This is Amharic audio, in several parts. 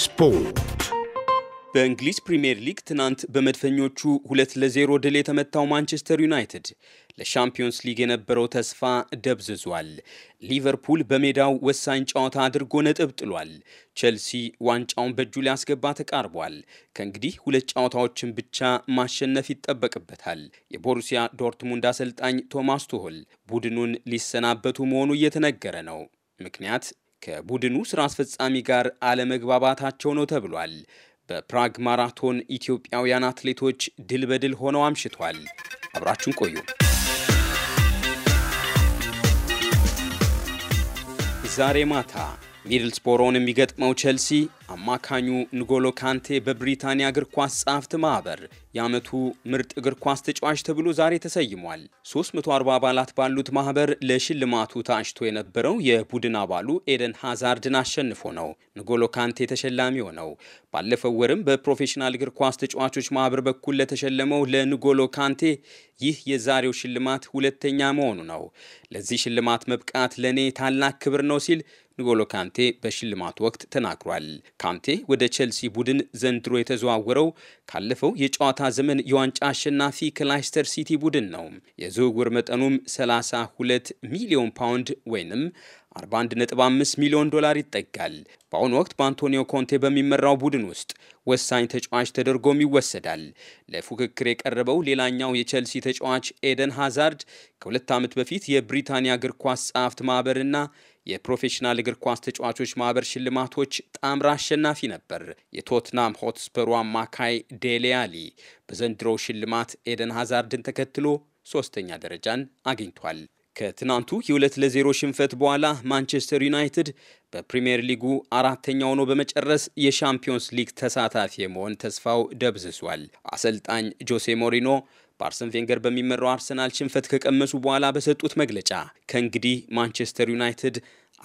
ስፖርት በእንግሊዝ ፕሪምየር ሊግ ትናንት በመድፈኞቹ ሁለት ለዜሮ ድል የተመታው ማንቸስተር ዩናይትድ ለሻምፒዮንስ ሊግ የነበረው ተስፋ ደብዝዟል። ሊቨርፑል በሜዳው ወሳኝ ጨዋታ አድርጎ ነጥብ ጥሏል። ቼልሲ ዋንጫውን በእጁ ሊያስገባ ተቃርቧል። ከእንግዲህ ሁለት ጨዋታዎችን ብቻ ማሸነፍ ይጠበቅበታል። የቦሩሲያ ዶርትሙንድ አሰልጣኝ ቶማስ ቱሆል ቡድኑን ሊሰናበቱ መሆኑ እየተነገረ ነው። ምክንያት ከቡድኑ ስራ አስፈጻሚ ጋር አለመግባባታቸው ነው ተብሏል። በፕራግ ማራቶን ኢትዮጵያውያን አትሌቶች ድል በድል ሆነው አምሽቷል። አብራችን ቆዩ። ዛሬ ማታ ሚድልስቦሮን የሚገጥመው ቼልሲ አማካኙ ንጎሎ ካንቴ በብሪታንያ እግር ኳስ ጸሐፍት ማኅበር የዓመቱ ምርጥ እግር ኳስ ተጫዋች ተብሎ ዛሬ ተሰይሟል። 340 አባላት ባሉት ማኅበር ለሽልማቱ ታጭቶ የነበረው የቡድን አባሉ ኤደን ሃዛርድን አሸንፎ ነው ንጎሎ ካንቴ ተሸላሚ ሆነው። ባለፈው ወርም በፕሮፌሽናል እግር ኳስ ተጫዋቾች ማኅበር በኩል ለተሸለመው ለንጎሎ ካንቴ ይህ የዛሬው ሽልማት ሁለተኛ መሆኑ ነው። ለዚህ ሽልማት መብቃት ለእኔ ታላቅ ክብር ነው ሲል ንጎሎ ካንቴ በሽልማቱ ወቅት ተናግሯል። ካንቴ ወደ ቼልሲ ቡድን ዘንድሮ የተዘዋወረው ካለፈው የጨዋታ ዘመን የዋንጫ አሸናፊ ከላይስተር ሲቲ ቡድን ነው። የዝውውር መጠኑም 32 ሚሊዮን ፓውንድ ወይንም 41.5 ሚሊዮን ዶላር ይጠጋል። በአሁኑ ወቅት በአንቶኒዮ ኮንቴ በሚመራው ቡድን ውስጥ ወሳኝ ተጫዋች ተደርጎም ይወሰዳል። ለፉክክር የቀረበው ሌላኛው የቼልሲ ተጫዋች ኤደን ሃዛርድ ከሁለት ዓመት በፊት የብሪታንያ እግር ኳስ ጸሐፍት ማኅበርና የፕሮፌሽናል እግር ኳስ ተጫዋቾች ማህበር ሽልማቶች ጣምራ አሸናፊ ነበር። የቶትናም ሆትስፐሩ አማካይ ዴሌ አሊ በዘንድሮው ሽልማት ኤደን ሃዛርድን ተከትሎ ሶስተኛ ደረጃን አግኝቷል። ከትናንቱ የሁለት ለዜሮ ሽንፈት በኋላ ማንቸስተር ዩናይትድ በፕሪምየር ሊጉ አራተኛ ሆኖ በመጨረስ የሻምፒዮንስ ሊግ ተሳታፊ የመሆን ተስፋው ደብዝሷል። አሰልጣኝ ጆሴ ሞሪኖ በአርሰን ቬንገር በሚመራው አርሰናል ሽንፈት ከቀመሱ በኋላ በሰጡት መግለጫ ከእንግዲህ ማንቸስተር ዩናይትድ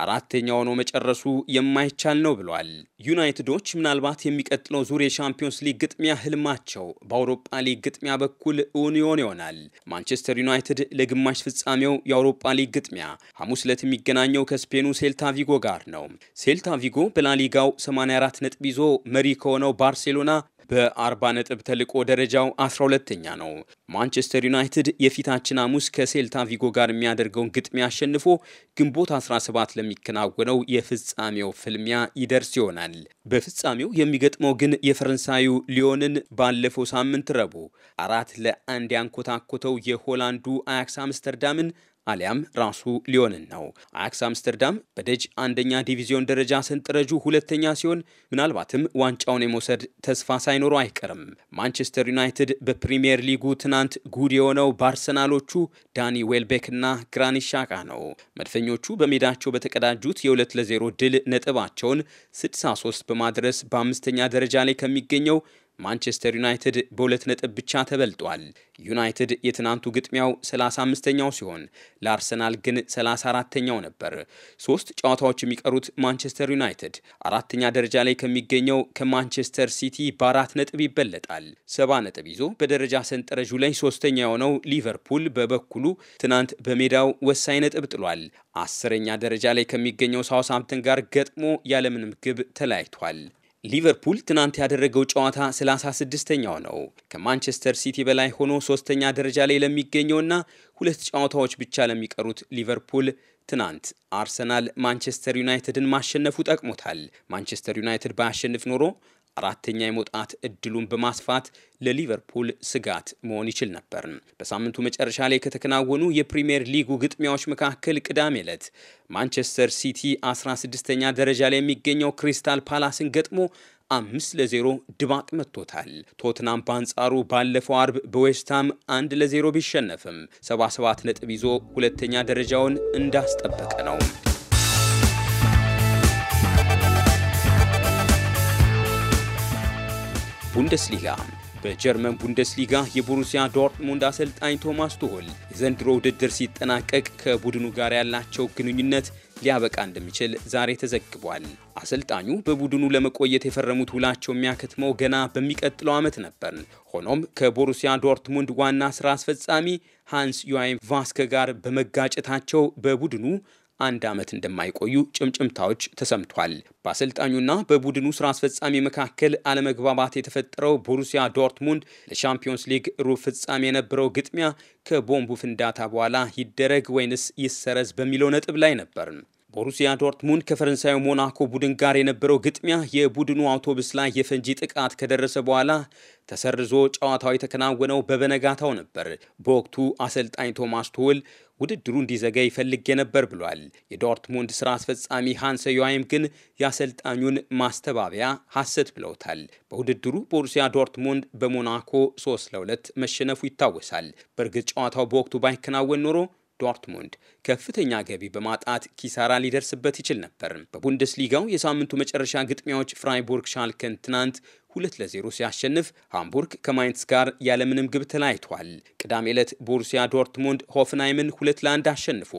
አራተኛው ሆኖ መጨረሱ የማይቻል ነው ብሏል። ዩናይትዶች ምናልባት የሚቀጥለው ዙር የሻምፒዮንስ ሊግ ግጥሚያ ህልማቸው በአውሮፓ ሊግ ግጥሚያ በኩል እውን ይሆን ይሆናል። ማንቸስተር ዩናይትድ ለግማሽ ፍጻሜው የአውሮፓ ሊግ ግጥሚያ ሐሙስ ዕለት የሚገናኘው ከስፔኑ ሴልታ ቪጎ ጋር ነው። ሴልታ ቪጎ በላሊጋው 84 ነጥብ ይዞ መሪ ከሆነው ባርሴሎና በአርባ ነጥብ ተልቆ ደረጃው 12ተኛ ነው። ማንቸስተር ዩናይትድ የፊታችን ሐሙስ ከሴልታ ቪጎ ጋር የሚያደርገውን ግጥሚያ አሸንፎ ግንቦት 17 ለሚከናወነው የፍጻሜው ፍልሚያ ይደርስ ይሆናል። በፍጻሜው የሚገጥመው ግን የፈረንሳዩ ሊዮንን ባለፈው ሳምንት ረቡዕ አራት ለአንድ ያንኮታኮተው የሆላንዱ አያክስ አምስተርዳምን አሊያም ራሱ ሊዮንን ነው። አያክስ አምስተርዳም በደጅ አንደኛ ዲቪዚዮን ደረጃ ሰንጠረዡ ሁለተኛ ሲሆን ምናልባትም ዋንጫውን የመውሰድ ተስፋ ሳይኖሩ አይቀርም። ማንቸስተር ዩናይትድ በፕሪምየር ሊጉ ትናንት ጉድ የሆነው በአርሰናሎቹ ዳኒ ዌልቤክና ግራኒት ሻካ ነው። መድፈኞቹ በሜዳቸው በተቀዳጁት የሁለት ለዜሮ ድል ነጥባቸውን 63 በማድረስ በአምስተኛ ደረጃ ላይ ከሚገኘው ማንቸስተር ዩናይትድ በሁለት ነጥብ ብቻ ተበልጧል። ዩናይትድ የትናንቱ ግጥሚያው 35ኛው ሲሆን ለአርሰናል ግን 34ተኛው ነበር። ሶስት ጨዋታዎች የሚቀሩት ማንቸስተር ዩናይትድ አራተኛ ደረጃ ላይ ከሚገኘው ከማንቸስተር ሲቲ በአራት ነጥብ ይበለጣል። ሰባ ነጥብ ይዞ በደረጃ ሰንጠረዡ ላይ ሶስተኛ የሆነው ሊቨርፑል በበኩሉ ትናንት በሜዳው ወሳኝ ነጥብ ጥሏል። አስረኛ ደረጃ ላይ ከሚገኘው ሳውስሃምፕተን ጋር ገጥሞ ያለምንም ግብ ተለያይቷል። ሊቨርፑል ትናንት ያደረገው ጨዋታ 36ኛው ነው። ከማንቸስተር ሲቲ በላይ ሆኖ ሶስተኛ ደረጃ ላይ ለሚገኘውና ሁለት ጨዋታዎች ብቻ ለሚቀሩት ሊቨርፑል ትናንት አርሰናል ማንቸስተር ዩናይትድን ማሸነፉ ጠቅሞታል። ማንቸስተር ዩናይትድ ባያሸንፍ ኖሮ አራተኛ የመውጣት እድሉን በማስፋት ለሊቨርፑል ስጋት መሆን ይችል ነበር። በሳምንቱ መጨረሻ ላይ ከተከናወኑ የፕሪምየር ሊጉ ግጥሚያዎች መካከል ቅዳሜ ዕለት ማንቸስተር ሲቲ 16ኛ ደረጃ ላይ የሚገኘው ክሪስታል ፓላስን ገጥሞ አምስት ለዜሮ ድባቅ መጥቶታል። ቶትናም በአንጻሩ ባለፈው አርብ በዌስትሃም አንድ ለዜሮ ቢሸነፍም 77 ነጥብ ይዞ ሁለተኛ ደረጃውን እንዳስጠበቀ ነው። ቡንደስሊጋ በጀርመን ቡንደስሊጋ የቦሩሲያ ዶርትሙንድ አሰልጣኝ ቶማስ ቱሆል የዘንድሮ ውድድር ሲጠናቀቅ ከቡድኑ ጋር ያላቸው ግንኙነት ሊያበቃ እንደሚችል ዛሬ ተዘግቧል። አሰልጣኙ በቡድኑ ለመቆየት የፈረሙት ውላቸው የሚያከትመው ገና በሚቀጥለው ዓመት ነበር። ሆኖም ከቦሩሲያ ዶርትሙንድ ዋና ስራ አስፈጻሚ ሃንስ ዮሃን ቫስከ ጋር በመጋጨታቸው በቡድኑ አንድ ዓመት እንደማይቆዩ ጭምጭምታዎች ተሰምቷል። በአሰልጣኙና በቡድኑ ስራ አስፈጻሚ መካከል አለመግባባት የተፈጠረው ቦሩሲያ ዶርትሙንድ ለሻምፒዮንስ ሊግ ሩብ ፍጻሜ የነበረው ግጥሚያ ከቦምቡ ፍንዳታ በኋላ ይደረግ ወይንስ ይሰረዝ በሚለው ነጥብ ላይ ነበርን። ቦሩሲያ ዶርትሙንድ ከፈረንሳዩ ሞናኮ ቡድን ጋር የነበረው ግጥሚያ የቡድኑ አውቶቡስ ላይ የፈንጂ ጥቃት ከደረሰ በኋላ ተሰርዞ ጨዋታው የተከናወነው በበነጋታው ነበር። በወቅቱ አሰልጣኝ ቶማስ ቶውል ውድድሩ እንዲዘገይ ይፈልግ ነበር ብሏል። የዶርትሙንድ ስራ አስፈጻሚ ሃንሰ ዮሃይም ግን የአሰልጣኙን ማስተባበያ ሐሰት ብለውታል። በውድድሩ ቦሩሲያ ዶርትሙንድ በሞናኮ 3 ለ2 መሸነፉ ይታወሳል። በእርግጥ ጨዋታው በወቅቱ ባይከናወን ኖሮ ዶርትሙንድ ከፍተኛ ገቢ በማጣት ኪሳራ ሊደርስበት ይችል ነበር። በቡንደስሊጋው የሳምንቱ መጨረሻ ግጥሚያዎች ፍራይቡርግ ሻልከን ትናንት ሁለት ለዜሮ ሲያሸንፍ ሃምቡርግ ከማይንስ ጋር ያለምንም ግብ ተለያይቷል። ቅዳሜ ዕለት ቦሩሲያ ዶርትሙንድ ሆፍንሃይምን ሁለት ለአንድ አሸንፎ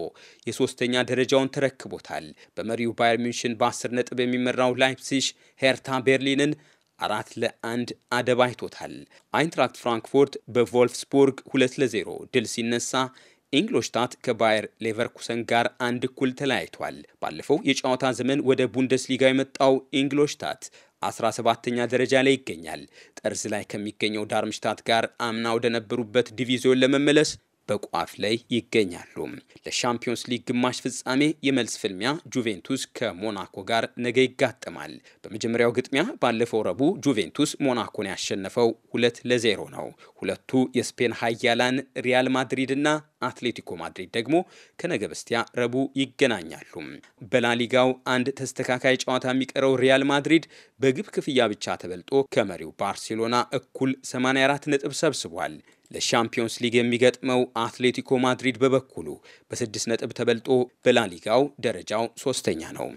የሶስተኛ ደረጃውን ተረክቦታል። በመሪው ባየር ሚንሽን በአስር ነጥብ የሚመራው ላይፕሲሽ ሄርታ ቤርሊንን አራት ለአንድ አደባይቶታል። አይንትራክት ፍራንክፉርት በቮልፍስቡርግ ሁለት ለዜሮ ድል ሲነሳ ኢንግሎሽታት ከባየር ሌቨርኩሰን ጋር አንድ እኩል ተለያይቷል። ባለፈው የጨዋታ ዘመን ወደ ቡንደስሊጋ የመጣው ኢንግሎሽታት 17ኛ ደረጃ ላይ ይገኛል። ጠርዝ ላይ ከሚገኘው ዳርምሽታት ጋር አምና ወደ ነበሩበት ዲቪዚዮን ለመመለስ በቋፍ ላይ ይገኛሉ። ለሻምፒዮንስ ሊግ ግማሽ ፍጻሜ የመልስ ፍልሚያ ጁቬንቱስ ከሞናኮ ጋር ነገ ይጋጠማል። በመጀመሪያው ግጥሚያ ባለፈው ረቡዕ ጁቬንቱስ ሞናኮን ያሸነፈው ሁለት ለዜሮ ነው። ሁለቱ የስፔን ኃያላን ሪያል ማድሪድ አትሌቲኮ ማድሪድ ደግሞ ከነገ በስቲያ ረቡዕ ይገናኛሉ። በላሊጋው አንድ ተስተካካይ ጨዋታ የሚቀረው ሪያል ማድሪድ በግብ ክፍያ ብቻ ተበልጦ ከመሪው ባርሴሎና እኩል 84 ነጥብ ሰብስቧል። ለሻምፒዮንስ ሊግ የሚገጥመው አትሌቲኮ ማድሪድ በበኩሉ በስድስት ነጥብ ተበልጦ በላሊጋው ደረጃው ሶስተኛ ነው።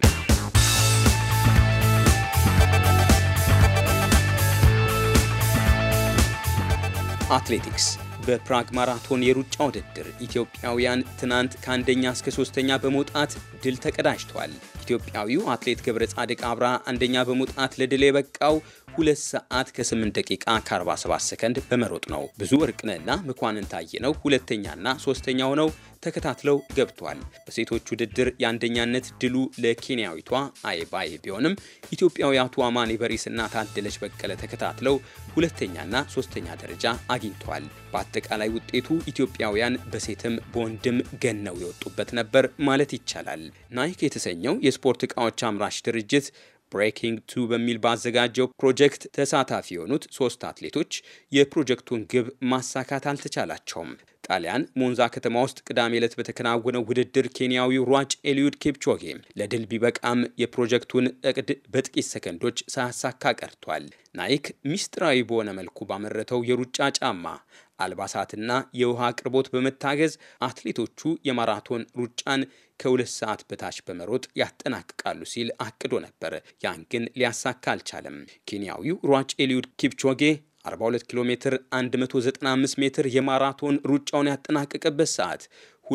አትሌቲክስ በፕራግ ማራቶን የሩጫ ውድድር ኢትዮጵያውያን ትናንት ከአንደኛ እስከ ሶስተኛ በመውጣት ድል ተቀዳጅቷል። ኢትዮጵያዊው አትሌት ገብረ ጻድቅ አብርሃ አንደኛ በመውጣት ለድል የበቃው ሁለት ሰዓት ከ8 ደቂቃ ከ47 ሰከንድ በመሮጥ ነው። ብዙ እርቅነና መኳንን ታየነው ሁለተኛና ሶስተኛ ሆነው ተከታትለው ገብቷል። በሴቶች ውድድር የአንደኛነት ድሉ ለኬንያዊቷ አይባይ ቢሆንም አማኔ ማኔ በሪስና ታደለች በቀለ ተከታትለው ሁለተኛና ሶስተኛ ደረጃ አግኝቷል። በአጠቃላይ ውጤቱ ኢትዮጵያውያን በሴትም በወንድም ገነው የወጡበት ነበር ማለት ይቻላል። ናይክ የተሰኘው የስፖርት ዕቃዎች አምራች ድርጅት ብሬኪንግ ቱ በሚል ባዘጋጀው ፕሮጀክት ተሳታፊ የሆኑት ሶስት አትሌቶች የፕሮጀክቱን ግብ ማሳካት አልተቻላቸውም። ጣሊያን ሞንዛ ከተማ ውስጥ ቅዳሜ ዕለት በተከናወነው ውድድር ኬንያዊው ሯጭ ኤልዩድ ኬፕቾጌ ለድል ቢበቃም የፕሮጀክቱን እቅድ በጥቂት ሰከንዶች ሳያሳካ ቀርቷል። ናይክ ሚስጥራዊ በሆነ መልኩ ባመረተው የሩጫ ጫማ አልባሳትና የውሃ አቅርቦት በመታገዝ አትሌቶቹ የማራቶን ሩጫን ከሁለት ሰዓት በታች በመሮጥ ያጠናቅቃሉ ሲል አቅዶ ነበር። ያን ግን ሊያሳካ አልቻለም። ኬንያዊው ሯጭ ኤልዩድ ኪፕቾጌ 42 ኪሎ ሜትር 195 ሜትር የማራቶን ሩጫውን ያጠናቀቀበት ሰዓት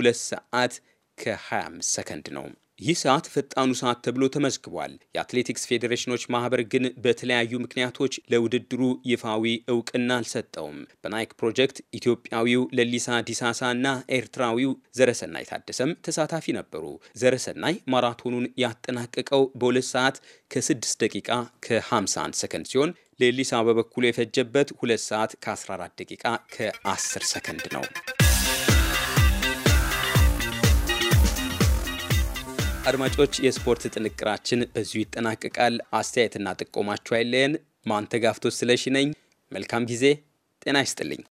2 ሰዓት ከ25 ሰከንድ ነው። ይህ ሰዓት ፈጣኑ ሰዓት ተብሎ ተመዝግቧል። የአትሌቲክስ ፌዴሬሽኖች ማህበር ግን በተለያዩ ምክንያቶች ለውድድሩ ይፋዊ እውቅና አልሰጠውም። በናይክ ፕሮጀክት ኢትዮጵያዊው ለሊሳ ዲሳሳ እና ኤርትራዊው ዘረሰናይ ታደሰም ተሳታፊ ነበሩ። ዘረሰናይ ማራቶኑን ያጠናቀቀው በሁለት ሰዓት ከ6 ደቂቃ ከ51 ሰከንድ ሲሆን ሌሊሳ በበኩሉ የፈጀበት ሁለት ሰዓት ከ14 ደቂቃ ከ10 ሰከንድ ነው። አድማጮች፣ የስፖርት ጥንቅራችን በዚሁ ይጠናቀቃል። አስተያየትና ጥቆማችሁ አይለየን። ማንተጋፍቶ ስለሺ ነኝ። መልካም ጊዜ። ጤና ይስጥልኝ።